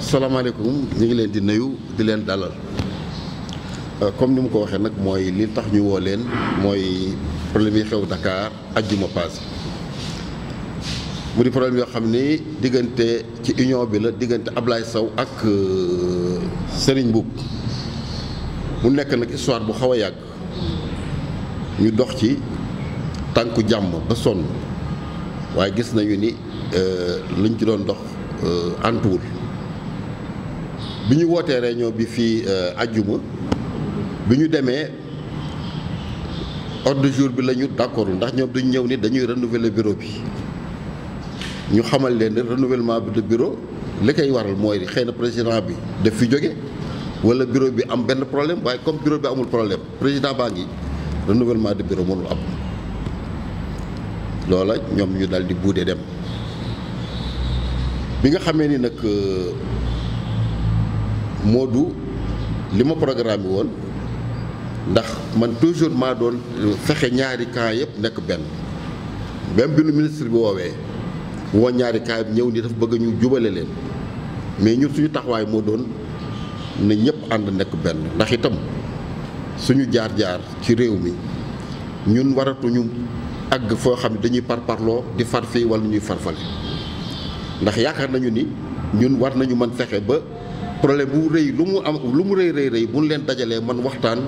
asalaamaaleykum ñu ngi leen di nuyu di leen dalal euh, comme ni mu ko waxee nag mooy li tax ñu woo leen mooy problème yi xew dakaar ajjuma passé mu di problème yoo xam ni diggante ci union bi la diggante Ablaye saw ak euh, sëriñ Mboup mu nekk nag histoire bu xaw a yàgg ñu dox ci tànku jàmm ba sonn waaye gis nañu ni euh, luñ ci doon dox antuwul bi ñu wootee réunion bi fii euh, ajjuma bi ñu demee ordre du jour bi la ñu d'accord ndax ñoom duñ ñëw ni dañuy renouveler bureau bi ñu xamal leen ne renouvellement bi de bureau li koy waral mooy xëy na président bi daf fi jóge wala bureau bi am benn problème waaye comme bureau bi amul problème président baa ngi renouvellement de bureau mënul am loola ñoom ñu daal di buudee dem bi nga xamee ni nag euh, moo du li ma programme woon ndax man toujours ma doon fexe ñaari camp yëpp nekk benn même bi nu ministre bi woowee woo ñaari camp yëpp ñëw ni dafa bëgg ñu jubale leen mais ñun suñu taxawaay moo doon nañ ñëpp ànd nekk benn ndax itam suñu jaar-jaar ci réew mi ñun waratuñu àgg foo xam ne dañuy parparloo di far fii wala ñuy farfale ndax yaakaar nañu ni ñun war nañu man fexe ba. problème bu rëy lu mu am lu mu rëy rëy rëy bu ñu leen dajalee man waxtaan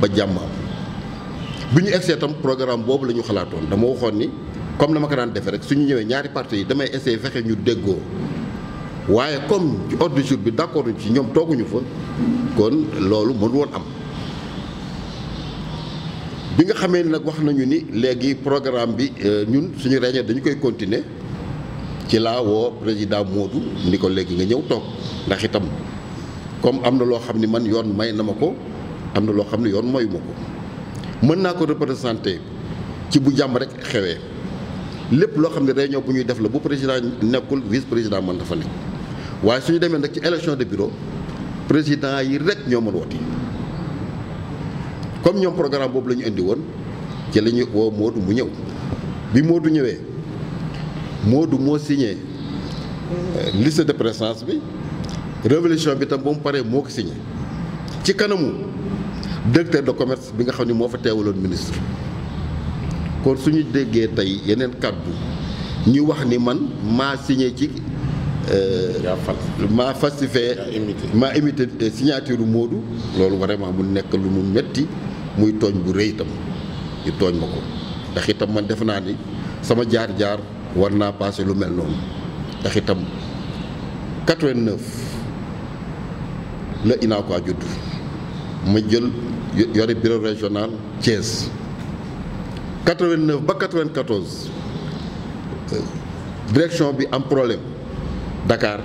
ba jàmm am bi ñu egsee tam programme boobu la ñu xalaatoon dama waxoon ni comme dama ko daan defee rek suñu ñëwee ñaari parti yi damay essayer fexe ñu déggoo waaye comme ci ordre du jour bi d'accord ci ñoom tooguñu fa kon loolu mën woon am bi nga xamee nag wax nañu ni léegi programme bi euh, ñun suñu réunion dañu koy continuer ci laa woo président Modou ni ko léegi nga ñëw toog ndax itam comme am na loo xam ni man yoon may na ma ko am na loo xam ni yoon mayu ma ko mën naa ko représenté ci bu jàmm rek xewee lépp loo xam ne réunion bu ñuy def la bu président nekkul vice président mën dafa nekk waaye suñu demee nag ci élection de bureau président yi rek ñoo mën woti comme ñoom programme boobu lañu indi woon ci la ñu woo Modou mu ñëw bi Modou ñëwee Modou moo signé euh, liste de présence bi révolution bi itam ba mu paree moo ko signé ci kanamu directeur de commerce bi nga xam ne moo fa teewaloon ministre kon suñu déggee tey yeneen kàddu ñu wax ni man maa signé ci euh, maa falsifié maa imité signature Moodu loolu vraiment mu nekk lu mu metti muy tooñ bu rëy itam ñu tooñ ma ko ndax itam man def naa ni sama jaar-jaar war naa passé lu mel noonu ndax itam le Inaakoa judd mu jël yore bureau régional Thiès 89 ba 94 euh, direction bi am problème Dakar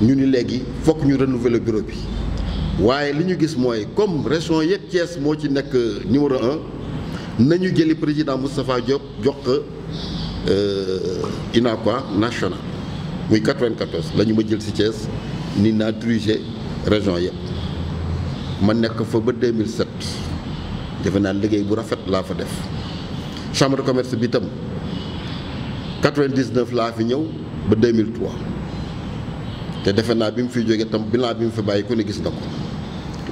ñu ni léegi fokk ñu renouveler bureau bi waye li ñu gis moy comme région yëpp Thiès mo ci nek euh, numéro 1 nañu jëli président Moustapha Diop jox ko euh, Inaakoa national muy 94 lañu ma jël ci Thiès ni naa diriger. région yëpp ma nekk fa ba 2007 defe naa liggéey bu rafet laa fa def chambre commerce bi itam 99 laa fi ñëw ba 2003 te defe naa bi mu fiy jógee tam bilan bi mu fi bàyyi ku ne gis na ko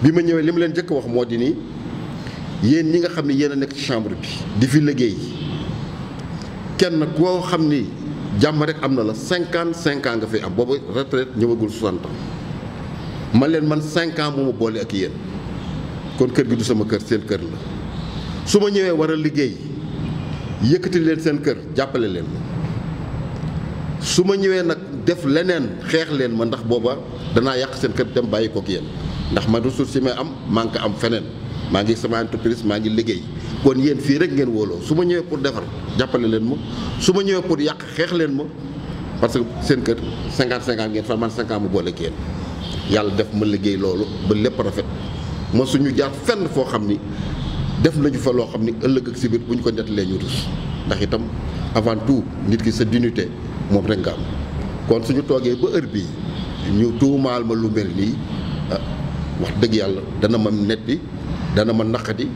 bi ma ñëwee li ma leen njëkk wax moo di nii yéen ñi nga xam ne yéen a nekk ci chambre bi di fi liggéey kenn koo xam ni jàmm rek am na la 55 ans nga fay am boobu retraite ñëwagul 60 ans. man leen man cinquant ans moo ma boole ak yéen kon kër gi du sama kër seen kër la su ma ñëwee war a liggéey yëkkati leen seen kër jàppale leen su ma ñëwee nag def leneen xeex leen ma ndax booba danaa yàq seen kër dem bàyyi kook yéen ndax man ressource si may am maa ngi am feneen maa ngi sama entreprise maa ngi liggéey kon yéen fii rek ngeen wooloo su ma ñëwee pour defar jàppale leen ma su ma ñëwee pour yàq xeex leen ma parce que seen kër 50 50 ngeen fa man 50 mu boole ak yàlla def ma liggéey loolu ba lépp rafet ma suñu jaar fenn foo xam ni def nañu fa loo xam ni ëllëg ak si biir bu ñu ko nettalee ñu rus ndax itam avant tout nit ki sa dignité moom rek nga am kon suñu toogee ba heure bii ñu tuumaal ma lu mel nii ah, wax dëgg yàlla dana ma netti dana ma naqadi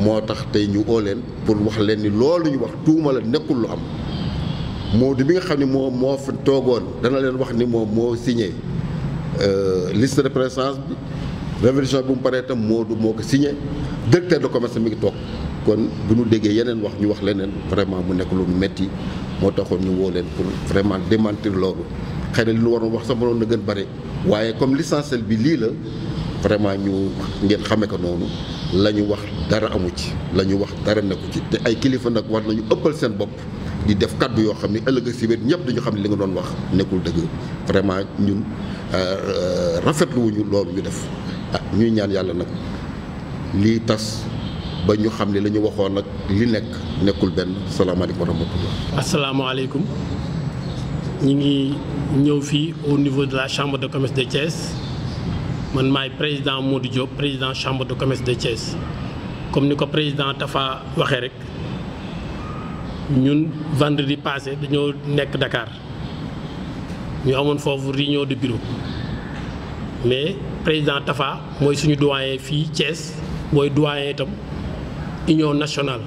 moo tax ñu oo pour wax leen ni loolu ñu wax tuuma la nekkul lu am moo di bi nga xam ne moo moo fi toogoon dana leen wax ni moom moo signé Euh, liste de présence bi révision bi mu paree itam moo du moo signé directeur de commerce mi ngi toog kon bu ñu déggee yeneen wax ñu wax lénen vraiment mu nek lu metti mo taxoon ñu wo lén pour vraiment démentir lolu xéna na li ñu wax sax mënoon na gën bari waaye comme l'essentiel bi li la vraiment ñu ngeen xamé ko nonu lañu wax dara amu ci lañu wax dara nekku ci té ay kilifa nak war nañu ëppal seen bop di def kaddu yoo xam ne ëllëg si biir ñëpp dañu xam ne li nga doon wax nekkul dëgg vraiment ñun euh, euh, rafetlu wuñu loolu ñu def ah ñuy ñaan yàlla nag lii tas ba ñu xam ne la ñu waxoon nag li nekk nekkul benn salaamaaleykum wa rahmatullah. asalaamaaleykum ñi ngi ñëw fii au niveau de la chambre de commerce de Thiès man maay président Modou Diop président chambre de commerce de Thiès comme ni ko président Tafa waxee rek. ñun vendredi passé dañoo à Dakar ñu amoon foofu réunion de bureau mais président Tafa mooy suñu doyen fii Thiès mooy doyen itam union nationale.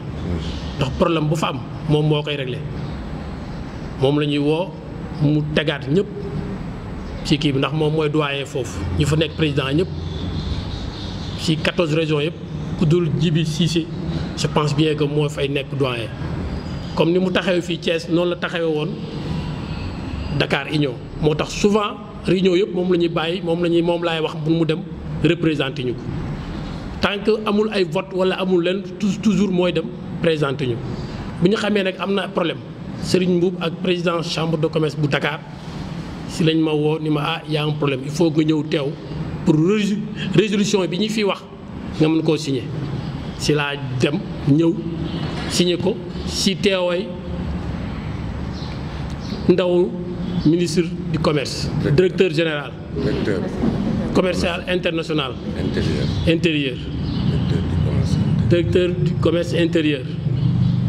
ndax problème bu fa am moom moo koy réglé moom la ñuy woo mu tegaat ñëpp ci kii bi ndax moom mooy doyen foofu ñu fa nekk président ñëpp ci 14 régions yëpp ku dul Djibi Cissé je pense bien que moo fay nekk doyen comme ni mu taxawee fi Thiès non la taxawee won Dakar Union motax souvent réunion yëpp mom lañuy ñuy mom lañuy mom lay wax bu mu dem représenter ñuko tant que amul ay vote wala amul len toujours moy dem présenter ñu bu ñu xamee nag am problème Serigne Mbuub ak président chambre de commerce bu Dakar si lañ ma wo ni ma ah y a un problème il faut nga ñëw tew pour résolution bi ñu fiy wax nga mën ko signer si la dem ñëw signer ko ci teewaay ndaw ministre du commerce. directeur général. directeur commercial international. intérieur intérieur. directeur du commerce intérieur.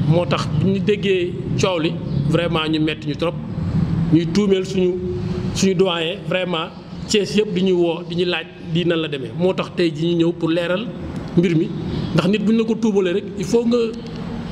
moo tax bi ñu vraiment ñu metti ñu trop ñuy tuumeel suñu suñu doyens, vraiment Thiès yëpp di ñu woo di ñu laaj di nan la demee moo tax tey ji ñu pour leeral mbir mi ndax nit bu ñu rek il faut nga.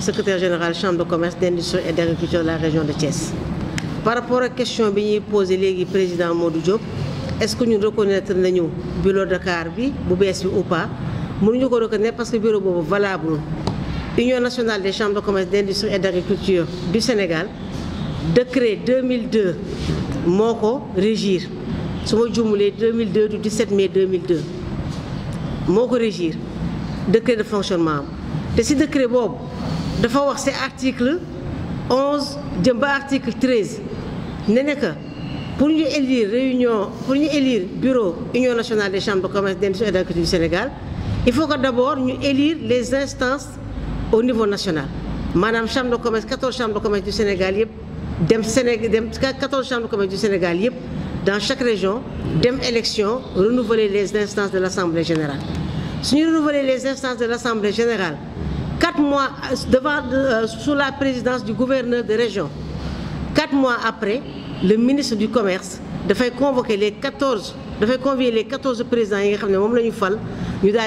secrétaire général chambre de commerce d'industrie et d'agriculture de la région de Thiès. par rapport à la question posée par le président Modou Diop est-ce que nous reconnaissons le bureau Dakar bi bu ou bi ou pas nous ko reconnaître parce que le bureau est valable Union nationale des chambres de commerce d'industrie et d'agriculture du Sénégal décret 2002 Moko régir Si ma jumulee 2002 du 17 mai 2002 Moko régir décret de fonctionnement c'est ce décret Bob, dafa wax ces article 11 de article 13 pour nous élire réunion pour ñu élire bureau union nationale des chambres de commerce du Sénégal il faut que d'abord nous élire les instances au niveau national Madame chambre de commerce 14 chambres de commerce du Sénégal 14 chambres de commerce du Sénégal dans chaque région dem élection renouveler les instances de l'assemblée générale Si nous renouveler les instances de l'assemblée générale quatre mois euh, devant, euh, sous la présidence du gouverneur de région, quatre mois après, le ministre du Commerce devait convoquer les 14 devait convier les 14 présidents yi nga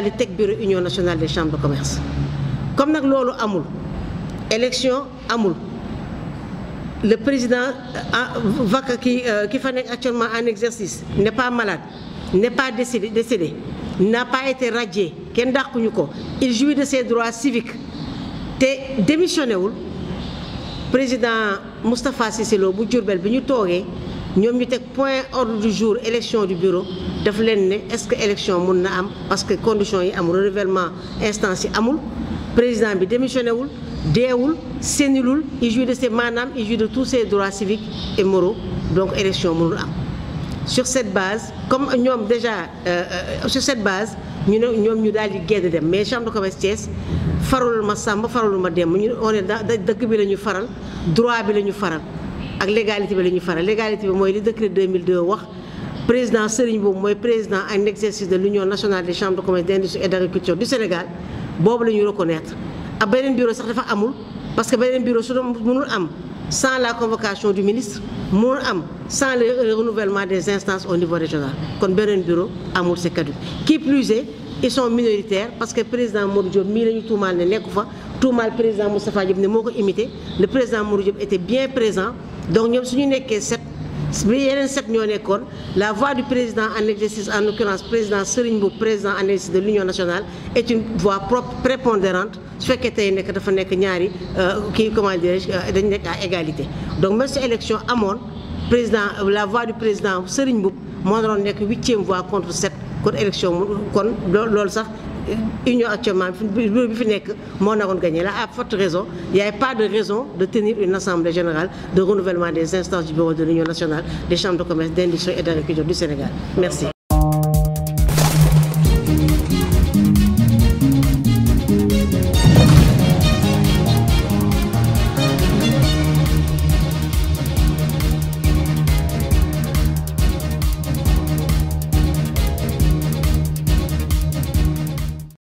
union nationale des chambres de commerce comme dit, l'élection amul élection amul le président qui euh, qui actuellement un exercice n'est pas malade n'est pas décédé n'a pas été radié il jouit de ses droits civiques té démissionné Le président Moustapha Cissé bu nous biñu togué ñu point ordre du jour élection du bureau est-ce que élection est na parce que conditions yi le renouvellement instance amul président bi démissionné wul il jouit de ses manames, il jouit de tous ses droits civiques et moraux donc élection mënul sur cette base comme sommes déjà euh, euh, sur cette base nous nous ñu mais chambre de commerce Thiès faralul ma sàmba on est bi la faral droit bi la faral légalité bi la faral légalité décret 2002 wax président Serigne président en exercice de l'union nationale des chambres de commerce d'industrie et d'agriculture du Sénégal boobu le reconnaître ak benen bureau sax dafa amul parce que benen bureau su mënul am sans la convocation du ministre sans le renouvellement des instances au niveau régional kon beneen bureau amul secrétaire qui plus est ils sont minoritaires parce que président Modou Diop mii tout mal, tuumaal ne nekku fa président Moustapha Diop ne imité le président Modou était bien présent donc nous suñu nekkee la voix du président en exercice en l'occurrence président Serigne président en exercice de l'Union nationale est une voix propre prépondérante ce qui tey dafa euh, euh, à égalité donc même cette élection président euh, la voix du président Serigne Mboup moo la 8 huitième voix contre cette élection union actuellement je bi gagné là à forte raison il n'y avait pas de raison de tenir une assemblée générale de renouvellement des instances du bureau de l'union nationale des chambres de commerce d'industrie et d'agriculture du Sénégal merci